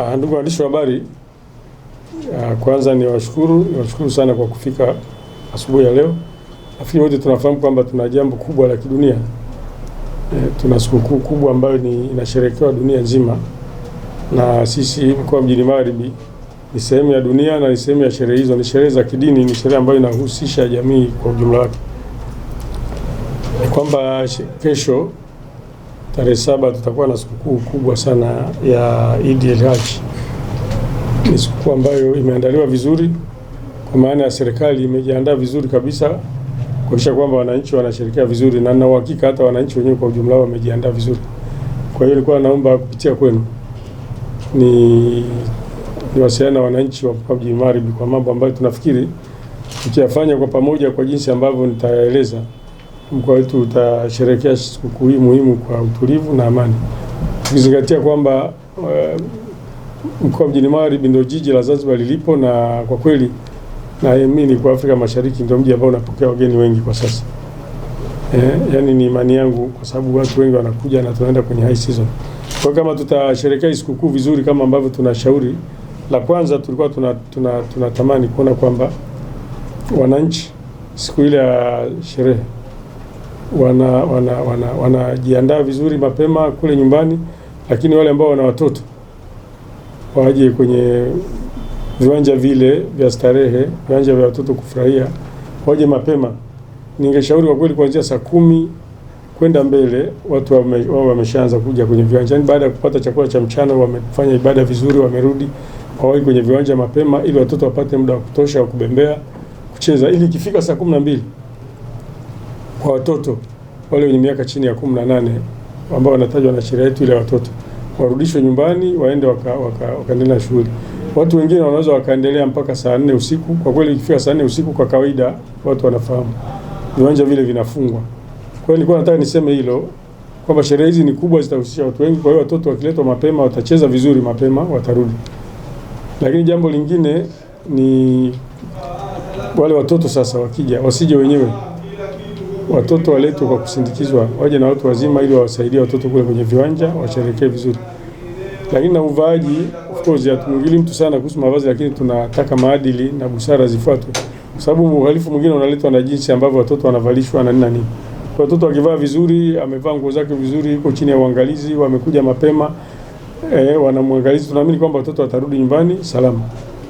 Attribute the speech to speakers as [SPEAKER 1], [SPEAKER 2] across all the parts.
[SPEAKER 1] Ah, ndugu waandishi wa habari, ah, kwanza niwashukuru niwashukuru sana kwa kufika asubuhi ya leo. Nafikiri wote tunafahamu kwamba tuna jambo kubwa la kidunia e, tuna sikukuu kubwa ambayo ni inasherehekewa dunia nzima, na sisi mkoa Mjini Magharibi ni sehemu ya dunia na ni sehemu ya sherehe hizo. Ni sherehe za kidini, ni sherehe ambayo inahusisha jamii kwa ujumla wake, kwamba kesho tarehe saba tutakuwa na sikukuu kubwa sana ya Eid el Ni sikukuu ambayo imeandaliwa vizuri, kwa maana ya serikali imejiandaa vizuri kabisa kuhakikisha kwamba wananchi wanasherekea vizuri, na na uhakika hata wananchi wenyewe kwa ujumla wamejiandaa vizuri. Kwa hiyo nilikuwa naomba kupitia kwenu ni niwasiliana na wananchi wa Magharibi kwa mambo ambayo tunafikiri tukiyafanya kwa pamoja, kwa jinsi ambavyo nitaeleza mkoa wetu utasherekea sikukuu hii muhimu kwa utulivu na amani, tukizingatia kwamba uh, mkoa Mjini Magharibi ndio jiji la Zanzibar lilipo, na kwa kweli naamini kwa Afrika Mashariki ndio mji ambao unapokea wageni wengi kwa sasa. Eh, yani ni imani yangu kwa sababu watu wengi wanakuja na tunaenda kwenye high season. Kwa kama tutasherehekea sikukuu vizuri kama ambavyo tunashauri, la kwanza tulikuwa tunatamani tuna, tuna kuona kwamba wananchi siku ile ya sherehe wanajiandaa wana, wana, wana vizuri mapema kule nyumbani, lakini wale ambao wana watoto waje kwenye viwanja vile vya starehe, viwanja vya watoto kufurahia, waje mapema. Ningeshauri kwa kweli kuanzia saa kumi kwenda mbele, watu wao wameshaanza kuja kwenye viwanja, yani baada ya kupata chakula cha mchana, wamefanya ibada vizuri, wamerudi, wawahi kwenye viwanja mapema, ili watoto wapate muda wa kutosha wa kubembea, kucheza, ili ikifika saa kumi na mbili kwa watoto wale wenye miaka chini ya kumi na nane ambao wanatajwa na sheria yetu ile, watoto warudishwe nyumbani waende wakaendelea waka, waka shughuli. Watu wengine wanaweza wakaendelea mpaka saa nne usiku. Kwa kweli ikifika saa nne usiku kwa kawaida watu wanafahamu viwanja vile vinafungwa. Kwa hiyo nilikuwa nataka niseme hilo kwamba sherehe hizi ni kubwa, zitahusisha watu wengi. Kwa hiyo watoto wakiletwa mapema watacheza vizuri mapema, watarudi. Lakini jambo lingine ni wale watoto sasa wakija wasije wenyewe watoto waletwe kwa kusindikizwa, waje na watu wazima, ili wawasaidie watoto kule kwenye viwanja washerekee vizuri. Lakini na uvaaji, of course, hatumwingili mtu sana kuhusu mavazi, lakini tunataka maadili na busara zifuatwe, kwa sababu uhalifu mwingine unaletwa na jinsi ambavyo watoto wanavalishwa na nini na nini. Watoto wakivaa vizuri, amevaa nguo zake vizuri, yuko chini ya uangalizi, wamekuja mapema eh, wanamwangalizi, tunaamini kwamba watoto watarudi nyumbani salama.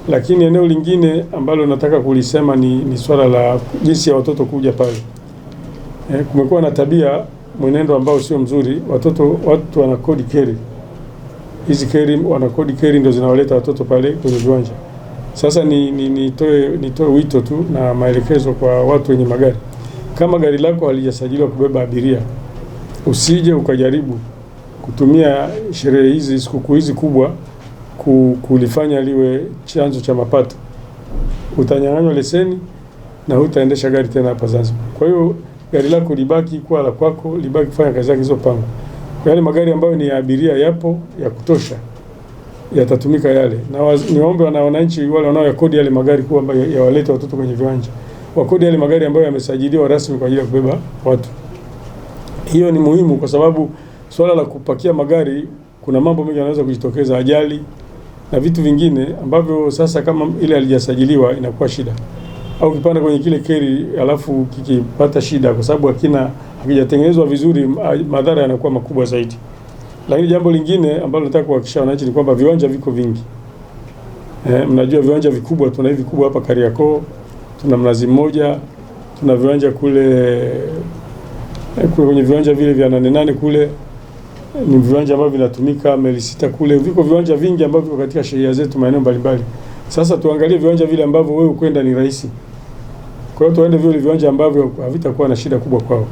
[SPEAKER 1] Lakini eneo lingine ambalo nataka kulisema ni, ni swala la jinsi ya watoto kuja pale eh, kumekuwa na tabia mwenendo ambao sio mzuri. Watoto watu wanakodi keri, hizi keri wanakodi keri ndio zinawaleta watoto pale kwenye viwanja. Sasa ni nitoe ni nitoe wito tu na maelekezo kwa watu wenye magari, kama gari lako halijasajiliwa kubeba abiria, usije ukajaribu kutumia sherehe hizi sikukuu hizi kubwa kulifanya liwe chanzo cha mapato. Utanyang'anywa leseni na hutaendesha gari tena hapa Zanzibar. Kwa hiyo gari lako libaki kuwa la kwako, libaki kufanya kazi zake zilizopangwa. Kwa yale magari ambayo ni ya abiria, yapo ya kutosha, yatatumika yale, na niombe na wananchi wale wanaoyakodi yale magari kuwa yawalete watoto kwenye viwanja, wakodi yale magari ambayo yamesajiliwa rasmi kwa ajili ya kubeba watu. Hiyo ni muhimu, kwa sababu swala la kupakia magari, kuna mambo mengi yanaweza kujitokeza, ajali na vitu vingine ambavyo sasa kama ile halijasajiliwa inakuwa shida au kipanda kwenye kile keri alafu kikipata shida, kwa sababu hakina hakijatengenezwa vizuri, madhara yanakuwa makubwa zaidi. Lakini jambo lingine ambalo nataka kuhakikisha wananchi ni kwamba viwanja viko vingi. Eh, mnajua viwanja vikubwa tuna hivi kubwa hapa Kariakoo, tuna Mnazi Mmoja, tuna viwanja kule eh, kule kwenye viwanja vile vya nane nane kule ni viwanja ambavyo vinatumika meli sita kule, viko viwanja vingi ambavyo viko katika sheria zetu maeneo mbalimbali. Sasa tuangalie viwanja vile ambavyo wewe kwenda ni rahisi. Kwa hiyo tuende vile viwanja ambavyo havitakuwa na shida kubwa kwao,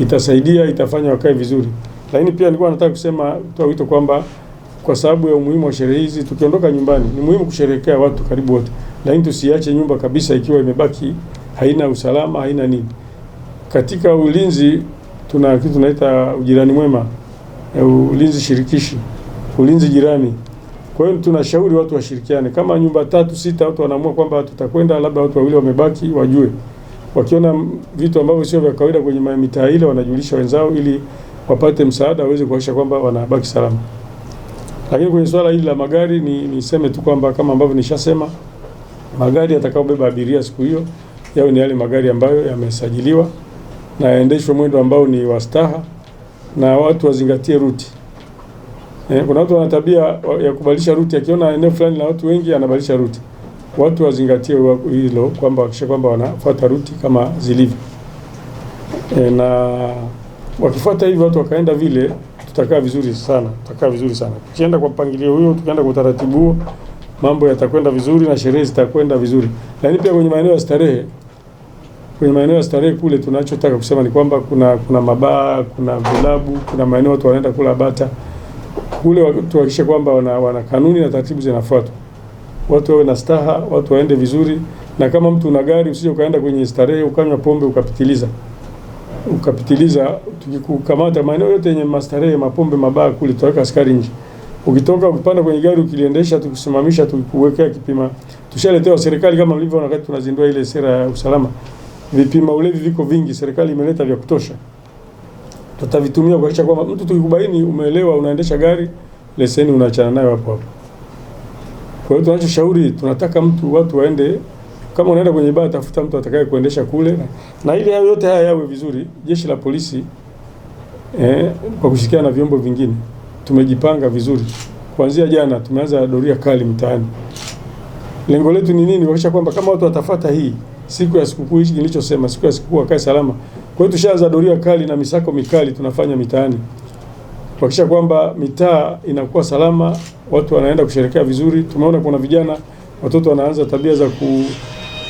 [SPEAKER 1] itasaidia, itafanya wakae vizuri. Lakini pia nilikuwa nataka kusema toa wito kwamba kwa sababu ya umuhimu wa sherehe hizi, tukiondoka nyumbani, ni muhimu kusherehekea watu karibu wote, lakini tusiache nyumba kabisa ikiwa imebaki haina usalama, haina nini. Katika ulinzi tuna kitu tunaita ujirani mwema, eh, ulinzi shirikishi, ulinzi jirani. Kwa hiyo tunashauri watu washirikiane, kama nyumba tatu sita watu wanaamua kwamba tutakwenda, labda watu wawili wamebaki, wajue wakiona vitu ambavyo sio vya kawaida kwenye mitaa ile, wanajulisha wenzao ili wapate msaada, waweze kuhakikisha kwamba wanabaki salama. Lakini kwenye swala hili la magari ni niseme tu kwamba kama ambavyo nishasema, magari yatakayobeba abiria siku hiyo yawe ni yale magari ambayo yamesajiliwa na yaendeshwe mwendo ambao ni wa staha, na watu wazingatie ruti. Eh, kuna watu wana tabia ya kubadilisha ruti, akiona eneo fulani la watu wengi anabadilisha ruti. Watu wazingatie hilo kwamba wakisha kwamba wanafuata ruti kama zilivyo. E, na wakifuata hivyo watu wakaenda vile, tutakaa vizuri sana, tutakaa vizuri sana. Tukienda kwa mpangilio huyo, tukienda kwa utaratibu huo, mambo yatakwenda vizuri na sherehe zitakwenda vizuri. Lakini pia kwenye maeneo ya starehe, kwenye maeneo ya starehe kule, tunachotaka kusema ni kwamba kuna kuna mabaa, kuna vilabu, kuna maeneo watu wanaenda kula bata kule tuhakikishe kwamba wana, wana kanuni na taratibu zinafuatwa, watu wawe na staha, watu waende vizuri. Na kama mtu una gari, usije ukaenda kwenye starehe ukanywa pombe ukapitiliza ukapitiliza. Tukikukamata maeneo yote yenye mastarehe, mapombe, mabaa kule, tutaweka askari nje. Ukitoka ukipanda kwenye gari ukiliendesha, tukisimamisha, tukikuwekea kipima. Tushaletewa serikali, kama mlivyoona wakati tunazindua ile sera ya usalama, vipima ulevi viko vingi, serikali imeleta vya kutosha tutavitumia kuhakikisha kwamba mtu tukikubaini umeelewa, unaendesha gari, leseni unaachana nayo hapo hapo. Kwa hiyo tunachoshauri, tunataka mtu watu waende, kama unaenda kwenye baa, tafuta mtu atakaye kuendesha kule, na ili hayo yote haya yawe vizuri, jeshi la polisi eh, kwa kushirikiana na vyombo vingine tumejipanga vizuri. Kuanzia jana tumeanza doria kali mtaani. Lengo letu ni nini? Kuhakikisha kwamba kama watu watafuata hii siku ya sikukuu, hichi nilichosema, siku ya sikukuu wakae salama. Kwa hiyo tushaanza doria kali na misako mikali tunafanya mitaani kuhakikisha kwamba mitaa inakuwa salama, watu wanaenda kusherekea vizuri. Tumeona kuna vijana watoto wanaanza tabia za ku,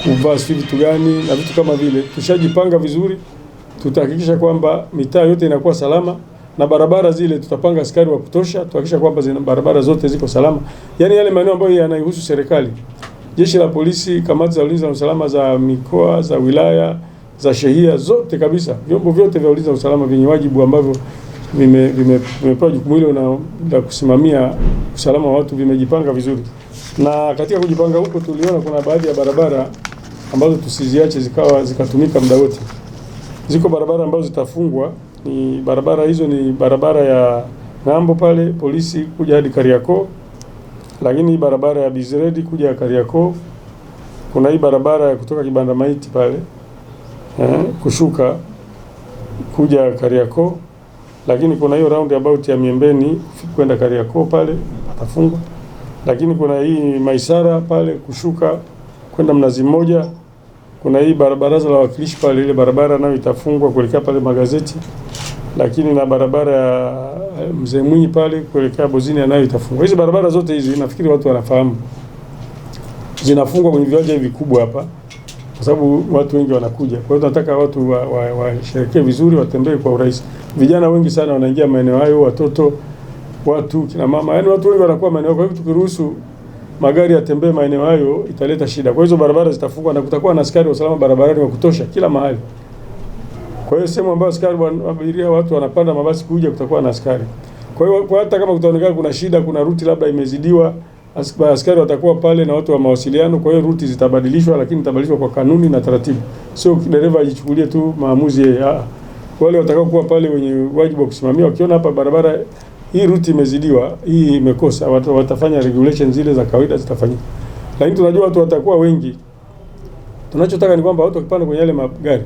[SPEAKER 1] kuvaa si vitu gani na vitu kama vile. Tushajipanga vizuri, tutahakikisha kwamba mitaa yote inakuwa salama na barabara zile tutapanga askari wa kutosha, tuhakikisha kwamba zina barabara zote ziko salama, yaani yale maeneo ambayo yanaihusu serikali, jeshi la polisi, kamati za ulinzi na usalama za mikoa za wilaya za shehia zote kabisa, vyombo vyote vya ulinzi na usalama vyenye wajibu ambavyo vimepewa vime, vime jukumu hilo na la kusimamia usalama wa watu vimejipanga vizuri, na katika kujipanga huko tuliona kuna baadhi ya barabara ambazo tusiziache zikawa zikatumika muda wote. Ziko barabara ambazo zitafungwa, ni barabara hizo ni barabara ya ng'ambo pale polisi kuja hadi Kariakoo, lakini barabara ya Bizredi kuja Kariakoo, kuna hii barabara ya kutoka Kibanda Maiti pale eh, kushuka kuja Kariakoo, lakini kuna hiyo round about ya Miembeni kwenda Kariakoo pale atafungwa, lakini kuna hii Maisara pale kushuka kwenda Mnazi Mmoja, kuna hii barabaraza la wakilishi pale, ile barabara nayo itafungwa kuelekea pale magazeti, lakini na barabara ya eh, Mzee Mwinyi pale kuelekea Bozini nayo itafungwa. Hizi barabara zote hizi nafikiri watu wanafahamu, zinafungwa kwenye viwanja vikubwa hapa kwa sababu watu wengi wanakuja. Kwa hiyo tunataka watu washerekee wa, wa vizuri, watembee kwa urahisi. Vijana wengi sana wanaingia maeneo hayo, watoto, watu, kina mama, yani watu wengi wanakuwa maeneo. Kwa hiyo tukiruhusu magari yatembee maeneo hayo italeta shida. Kwa hiyo barabara zitafungwa na kutakuwa na askari wa usalama barabarani wa kutosha kila mahali. Kwa hiyo sehemu ambayo askari abiria, watu wanapanda mabasi kuja, kutakuwa na askari. Kwa hiyo hata kama kutaonekana kuna shida, kuna ruti labda imezidiwa askari watakuwa pale na watu wa mawasiliano. Kwa hiyo ruti zitabadilishwa, lakini zitabadilishwa kwa kanuni na taratibu, sio dereva ajichukulie tu maamuzi yeye. Ah, wale watakao kuwa pale wenye wajibu wa kusimamia, wakiona hapa barabara hii ruti imezidiwa, hii imekosa, watafanya regulation zile za kawaida zitafanyika, lakini tunajua watu watakuwa wengi. Tunachotaka ni kwamba watu wakipanda kwenye yale magari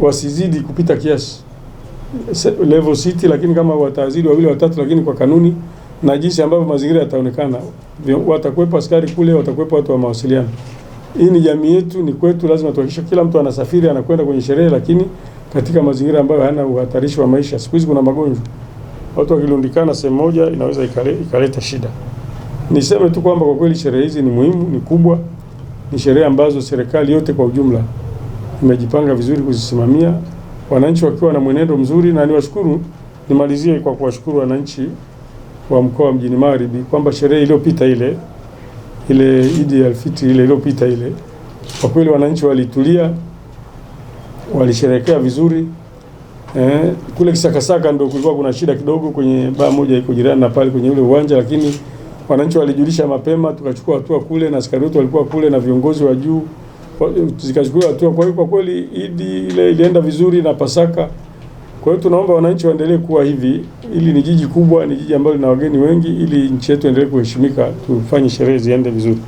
[SPEAKER 1] wasizidi kupita kiasi level city, lakini kama watazidi wawili watatu, lakini kwa kanuni na jinsi ambavyo mazingira yataonekana. Watakuwepo askari kule, watakuwepo watu wa mawasiliano. Hii ni jamii yetu, ni kwetu, lazima tuhakikishe kila mtu anasafiri anakwenda kwenye sherehe, lakini katika mazingira ambayo hayana uhatarishi wa maisha. Siku hizi kuna magonjwa, watu wakilundikana sehemu moja inaweza ikale, ikaleta shida. Niseme tu kwamba kwa kweli sherehe hizi ni muhimu, ni kubwa, ni sherehe ambazo serikali yote kwa ujumla imejipanga vizuri kuzisimamia, wananchi wakiwa na mwenendo mzuri, na niwashukuru, nimalizie kwa kuwashukuru wananchi wa mkoa mjini Magharibi kwamba sherehe iliyopita ile ile Idi Alfitri ile iliyopita ile, kwa kweli wananchi walitulia, walisherehekea vizuri. Eh, kule Kisakasaka ndio kulikuwa kuna shida kidogo kwenye baa moja iko jirani na pale kwenye ule uwanja, lakini wananchi walijulisha mapema, tukachukua hatua kule na askari wetu walikuwa kule na viongozi wa juu zikachukua eh, hatua. Kwa hiyo kwa kweli Idi ile ilienda vizuri na Pasaka kwa hiyo tunaomba wananchi waendelee kuwa hivi, ili ni jiji kubwa, ni jiji ambalo lina wageni wengi, ili nchi yetu endelee kuheshimika, tufanye sherehe ziende vizuri.